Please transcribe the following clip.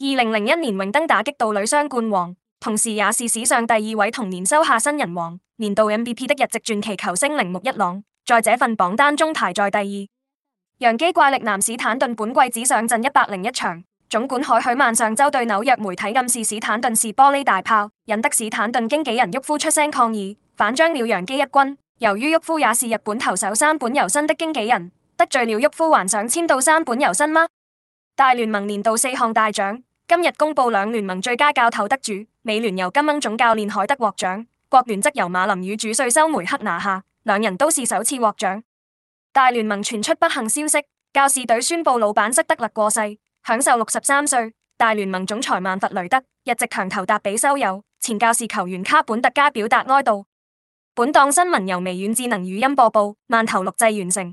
二零零一年榮登打擊盜壘雙冠王，同時也是史上第二位同年收下新人王年度 MVP 的日籍傳奇球星鈴木一郎，在這份榜單中排在第二。洋基怪力男史坦頓本季只上陣一百零一場，總管海許曼上周對紐約媒體暗示史坦頓是玻璃大炮，引得史坦頓經紀人沃夫出聲抗議，反將了洋基一軍。由於沃夫也是日本投手山本由伸的經紀人，得罪了沃夫還想簽到山本由伸嗎？大聯盟年度四項大獎今日公布，兩聯盟最佳教頭得主，美聯由金恩總教練海德獲獎，國聯則由馬林與主帥修梅克拿下，兩人都是首次獲獎。大聯盟傳出不幸消息，教士隊宣布老板塞德勒過世，享壽六十三歲。大聯盟總裁曼弗雷德一直強求達比修有，前教士球員卡本特加表達哀悼。本檔新聞由微軟智能語音播報，慢投錄製完成。